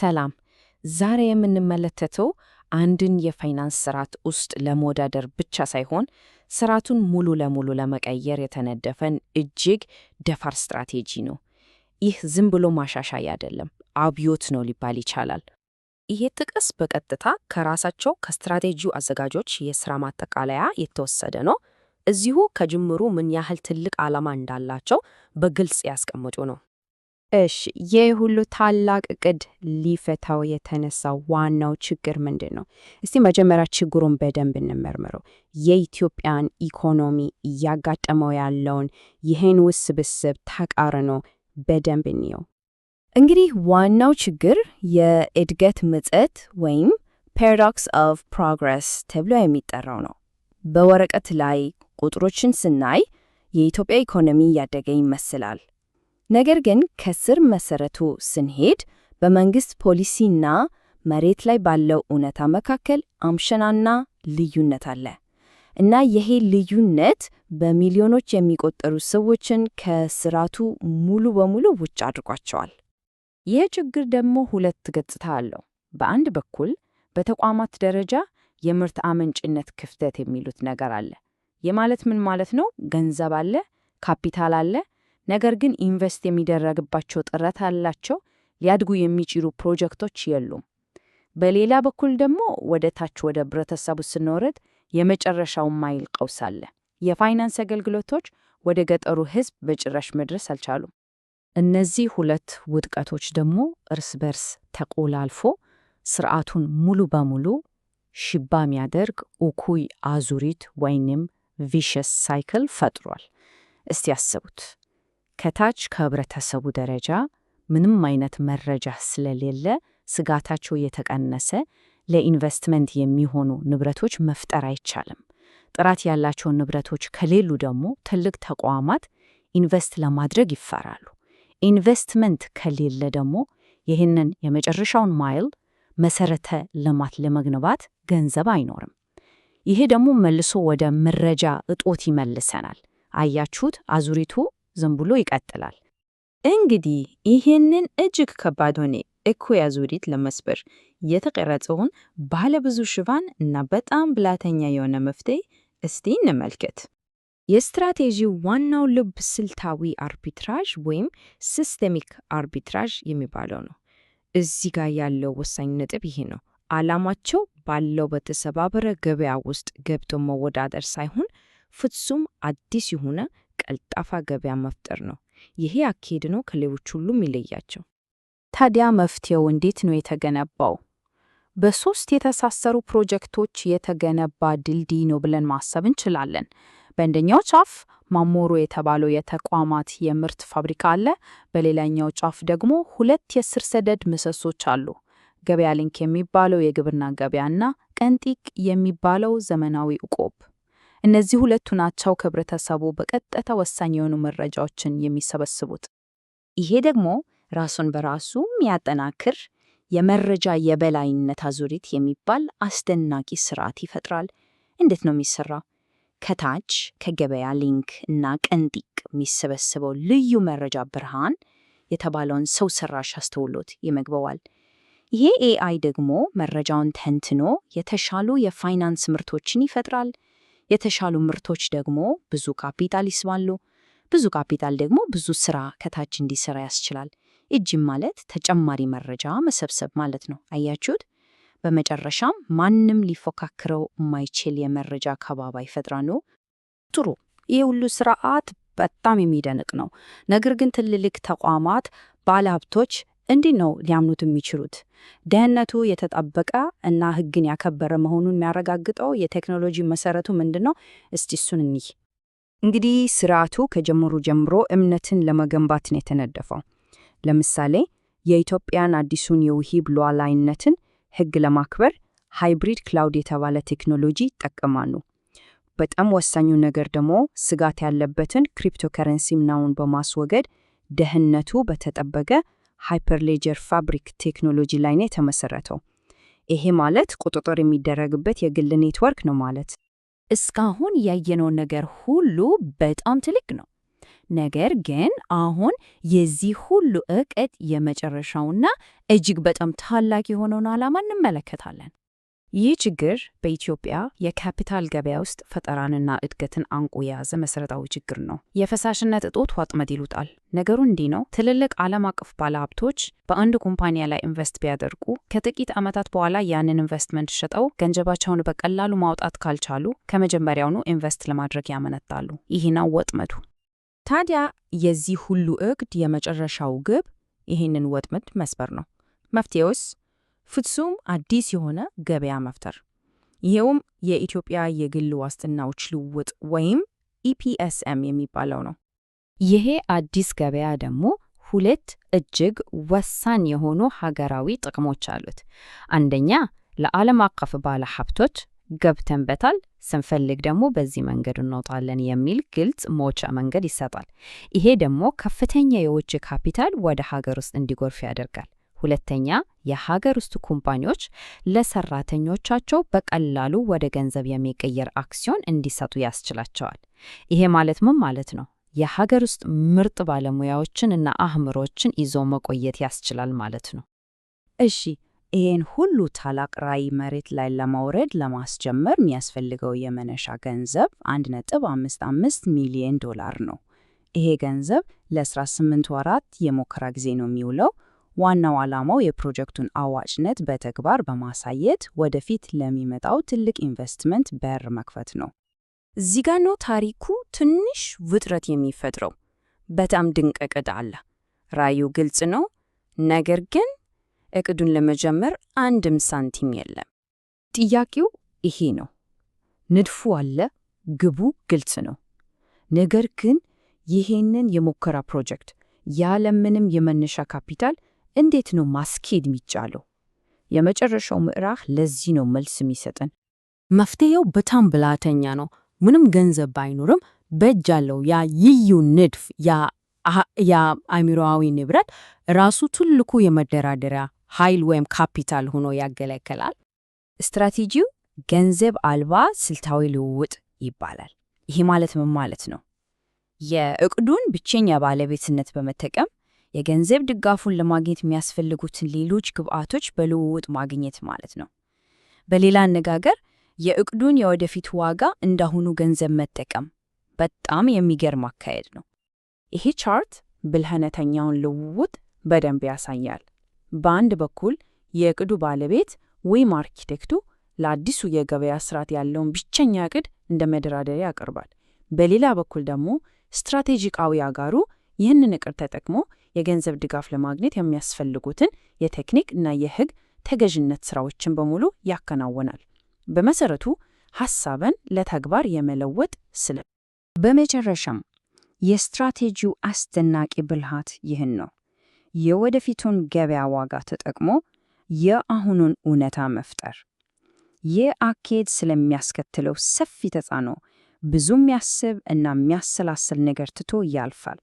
ሰላም። ዛሬ የምንመለከተው አንድን የፋይናንስ ስርዓት ውስጥ ለመወዳደር ብቻ ሳይሆን ስርዓቱን ሙሉ ለሙሉ ለመቀየር የተነደፈን እጅግ ደፋር ስትራቴጂ ነው። ይህ ዝም ብሎ ማሻሻያ አይደለም፣ አብዮት ነው ሊባል ይቻላል። ይሄ ጥቅስ በቀጥታ ከራሳቸው ከስትራቴጂው አዘጋጆች የስራ ማጠቃለያ የተወሰደ ነው። እዚሁ ከጅምሩ ምን ያህል ትልቅ ዓላማ እንዳላቸው በግልጽ ያስቀምጡ ነው። እሺ ይህ ሁሉ ታላቅ እቅድ ሊፈታው የተነሳው ዋናው ችግር ምንድን ነው? እስቲ መጀመሪያ ችግሩን በደንብ እንመርምረው። የኢትዮጵያን ኢኮኖሚ እያጋጠመው ያለውን ይህን ውስብስብ ተቃርኖ በደንብ እንየው። እንግዲህ ዋናው ችግር የእድገት ምጸት ወይም ፓራዶክስ ኦፍ ፕሮግረስ ተብሎ የሚጠራው ነው። በወረቀት ላይ ቁጥሮችን ስናይ የኢትዮጵያ ኢኮኖሚ እያደገ ይመስላል። ነገር ግን ከስር መሰረቱ ስንሄድ በመንግስት ፖሊሲና መሬት ላይ ባለው እውነታ መካከል አምሸናና ልዩነት አለ እና ይሄ ልዩነት በሚሊዮኖች የሚቆጠሩ ሰዎችን ከስርዓቱ ሙሉ በሙሉ ውጭ አድርጓቸዋል። ይህ ችግር ደግሞ ሁለት ገጽታ አለው። በአንድ በኩል በተቋማት ደረጃ የምርት አመንጭነት ክፍተት የሚሉት ነገር አለ። የማለት ምን ማለት ነው? ገንዘብ አለ፣ ካፒታል አለ ነገር ግን ኢንቨስት የሚደረግባቸው ጥረት አላቸው። ሊያድጉ የሚችሉ ፕሮጀክቶች የሉም። በሌላ በኩል ደግሞ ወደ ታች ወደ ህብረተሰቡ ስንወረድ የመጨረሻው ማይል ቀውስ አለ። የፋይናንስ አገልግሎቶች ወደ ገጠሩ ህዝብ በጭራሽ መድረስ አልቻሉም። እነዚህ ሁለት ውድቀቶች ደግሞ እርስ በርስ ተቆላልፎ ስርዓቱን ሙሉ በሙሉ ሽባ የሚያደርግ እኩይ አዙሪት ወይንም ቪሸስ ሳይክል ፈጥሯል። እስቲ ያስቡት። ከታች ከህብረተሰቡ ደረጃ ምንም አይነት መረጃ ስለሌለ ስጋታቸው የተቀነሰ ለኢንቨስትመንት የሚሆኑ ንብረቶች መፍጠር አይቻልም። ጥራት ያላቸውን ንብረቶች ከሌሉ ደግሞ ትልቅ ተቋማት ኢንቨስት ለማድረግ ይፈራሉ። ኢንቨስትመንት ከሌለ ደግሞ ይህንን የመጨረሻውን ማይል መሰረተ ልማት ለመግንባት ገንዘብ አይኖርም። ይሄ ደግሞ መልሶ ወደ መረጃ እጦት ይመልሰናል። አያችሁት? አዙሪቱ ዝም ብሎ ይቀጥላል። እንግዲህ ይህንን እጅግ ከባድ ሆኔ እኩያ አዙሪት ለመስበር የተቀረጸውን ባለብዙ ሽፋን እና በጣም ብላተኛ የሆነ መፍትሄ እስቲ እንመልከት። የስትራቴጂው ዋናው ልብ ስልታዊ አርቢትራዥ ወይም ሲስተሚክ አርቢትራዥ የሚባለው ነው። እዚህ ጋር ያለው ወሳኝ ነጥብ ይሄ ነው። ዓላማቸው ባለው በተሰባበረ ገበያ ውስጥ ገብቶ መወዳደር ሳይሆን ፍጹም አዲስ የሆነ ቀልጣፋ ገበያ መፍጠር ነው። ይሄ አካሄድ ነው ከሌሎች ሁሉም ይለያቸው። ታዲያ መፍትሄው እንዴት ነው የተገነባው? በሶስት የተሳሰሩ ፕሮጀክቶች የተገነባ ድልድይ ነው ብለን ማሰብ እንችላለን። በአንደኛው ጫፍ ማሞሮ የተባለው የተቋማት የምርት ፋብሪካ አለ። በሌላኛው ጫፍ ደግሞ ሁለት የስር ሰደድ ምሰሶች አሉ። ገበያ ሊንክ የሚባለው የግብርና ገበያና ቀንጢቅ የሚባለው ዘመናዊ እቆብ እነዚህ ሁለቱ ናቸው ከህብረተሰቡ በቀጥታ ወሳኝ የሆኑ መረጃዎችን የሚሰበስቡት። ይሄ ደግሞ ራሱን በራሱ የሚያጠናክር የመረጃ የበላይነት አዙሪት የሚባል አስደናቂ ስርዓት ይፈጥራል። እንዴት ነው የሚሰራው? ከታች ከገበያ ሊንክ እና ቀንጢቅ የሚሰበስበው ልዩ መረጃ ብርሃን የተባለውን ሰው ሰራሽ አስተውሎት ይመግበዋል። ይሄ ኤአይ ደግሞ መረጃውን ተንትኖ የተሻሉ የፋይናንስ ምርቶችን ይፈጥራል። የተሻሉ ምርቶች ደግሞ ብዙ ካፒታል ይስባሉ። ብዙ ካፒታል ደግሞ ብዙ ስራ ከታች እንዲሰራ ያስችላል። እጅም ማለት ተጨማሪ መረጃ መሰብሰብ ማለት ነው። አያችሁት? በመጨረሻም ማንም ሊፎካክረው የማይችል የመረጃ ከባባ ይፈጥራሉ። ጥሩ። ይህ ሁሉ ስርዓት በጣም የሚደንቅ ነው። ነገር ግን ትልልቅ ተቋማት፣ ባለሀብቶች እንዲህ ነው ሊያምኑት የሚችሉት። ደህንነቱ የተጠበቀ እና ህግን ያከበረ መሆኑን የሚያረጋግጠው የቴክኖሎጂ መሰረቱ ምንድን ነው? እስቲ እሱን እኒህ እንግዲህ ስርዓቱ ከጀምሩ ጀምሮ እምነትን ለመገንባት ነው የተነደፈው። ለምሳሌ የኢትዮጵያን አዲሱን የውሂብ ሉዓላዊነትን ህግ ለማክበር ሃይብሪድ ክላውድ የተባለ ቴክኖሎጂ ይጠቀማሉ። በጣም ወሳኙ ነገር ደግሞ ስጋት ያለበትን ክሪፕቶከረንሲ ምናውን በማስወገድ ደህንነቱ በተጠበቀ ሃይፐርሌጀር ፋብሪክ ቴክኖሎጂ ላይ ነው የተመሰረተው። ይሄ ማለት ቁጥጥር የሚደረግበት የግል ኔትወርክ ነው ማለት። እስካሁን ያየነው ነገር ሁሉ በጣም ትልቅ ነው። ነገር ግን አሁን የዚህ ሁሉ እቅድ የመጨረሻውና እጅግ በጣም ታላቅ የሆነውን ዓላማ እንመለከታለን። ይህ ችግር በኢትዮጵያ የካፒታል ገበያ ውስጥ ፈጠራንና እድገትን አንቆ የያዘ መሰረታዊ ችግር ነው። የፈሳሽነት እጦት ወጥመድ ይሉታል። ነገሩ እንዲህ ነው። ትልልቅ ዓለም አቀፍ ባለሀብቶች በአንድ ኩምፓኒያ ላይ ኢንቨስት ቢያደርጉ ከጥቂት ዓመታት በኋላ ያንን ኢንቨስትመንት ሸጠው ገንዘባቸውን በቀላሉ ማውጣት ካልቻሉ ከመጀመሪያውኑ ኢንቨስት ለማድረግ ያመነታሉ። ይህናው ወጥመዱ። ታዲያ የዚህ ሁሉ እቅድ የመጨረሻው ግብ ይህንን ወጥመድ መስበር ነው። መፍትሄውስ ፍጹም አዲስ የሆነ ገበያ መፍጠር። ይሄውም የኢትዮጵያ የግል ዋስትናዎች ልውውጥ ወይም ኢፒኤስኤም የሚባለው ነው። ይሄ አዲስ ገበያ ደግሞ ሁለት እጅግ ወሳኝ የሆኑ ሀገራዊ ጥቅሞች አሉት። አንደኛ ለዓለም አቀፍ ባለ ሀብቶች ገብተንበታል፣ ስንፈልግ ደግሞ በዚህ መንገድ እንወጣለን የሚል ግልጽ መውጫ መንገድ ይሰጣል። ይሄ ደግሞ ከፍተኛ የውጭ ካፒታል ወደ ሀገር ውስጥ እንዲጎርፍ ያደርጋል። ሁለተኛ የሀገር ውስጥ ኩምፓኒዎች ለሰራተኞቻቸው በቀላሉ ወደ ገንዘብ የሚቀየር አክሲዮን እንዲሰጡ ያስችላቸዋል። ይሄ ማለት ምን ማለት ነው? የሀገር ውስጥ ምርጥ ባለሙያዎችን እና አህምሮችን ይዞ መቆየት ያስችላል ማለት ነው። እሺ፣ ይህን ሁሉ ታላቅ ራዕይ መሬት ላይ ለማውረድ ለማስጀመር የሚያስፈልገው የመነሻ ገንዘብ 1.55 ሚሊዮን ዶላር ነው። ይሄ ገንዘብ ለ18 ወራት የሙከራ ጊዜ ነው የሚውለው። ዋናው ዓላማው የፕሮጀክቱን አዋጭነት በተግባር በማሳየት ወደፊት ለሚመጣው ትልቅ ኢንቨስትመንት በር መክፈት ነው። እዚህ ጋ ነው ታሪኩ ትንሽ ውጥረት የሚፈጥረው። በጣም ድንቅ እቅድ አለ፣ ራዩ ግልጽ ነው። ነገር ግን እቅዱን ለመጀመር አንድም ሳንቲም የለም። ጥያቄው ይሄ ነው። ንድፉ አለ፣ ግቡ ግልጽ ነው። ነገር ግን ይሄንን የሙከራ ፕሮጀክት ያለምንም የመነሻ ካፒታል እንዴት ነው ማስኬድ የሚቻለው? የመጨረሻው ምዕራፍ ለዚህ ነው መልስ የሚሰጠን። መፍትሄው በጣም ብላተኛ ነው። ምንም ገንዘብ ባይኖርም በእጅ ያለው ያ ይዩ ንድፍ ያ ንብረት ራሱ ትልቁ የመደራደሪያ ኃይል ወይም ካፒታል ሆኖ ያገለግላል። ስትራቴጂው ገንዘብ አልባ ስልታዊ ልውውጥ ይባላል። ይሄ ማለት ምን ማለት ነው? የእቅዱን ብቸኛ ባለቤትነት በመጠቀም የገንዘብ ድጋፉን ለማግኘት የሚያስፈልጉትን ሌሎች ግብአቶች በልውውጥ ማግኘት ማለት ነው። በሌላ አነጋገር የእቅዱን የወደፊት ዋጋ እንዳሁኑ ገንዘብ መጠቀም በጣም የሚገርም አካሄድ ነው። ይሄ ቻርት ብልህነተኛውን ልውውጥ በደንብ ያሳያል። በአንድ በኩል የእቅዱ ባለቤት ወይም አርኪቴክቱ ለአዲሱ የገበያ ስርዓት ያለውን ብቸኛ እቅድ እንደ መደራደሪያ ያቀርባል። በሌላ በኩል ደግሞ ስትራቴጂካዊ አጋሩ ይህንን እቅር ተጠቅሞ የገንዘብ ድጋፍ ለማግኘት የሚያስፈልጉትን የቴክኒክ እና የህግ ተገዥነት ስራዎችን በሙሉ ያከናውናል። በመሰረቱ ሐሳብን ለተግባር የመለወጥ ስለ በመጨረሻም የስትራቴጂው አስደናቂ ብልሃት ይህን ነው። የወደፊቱን ገበያ ዋጋ ተጠቅሞ የአሁኑን እውነታ መፍጠር። ይህ አካሄድ ስለሚያስከትለው ሰፊ ተጽዕኖ ብዙ የሚያስብ እና የሚያሰላስል ነገር ትቶ ያልፋል።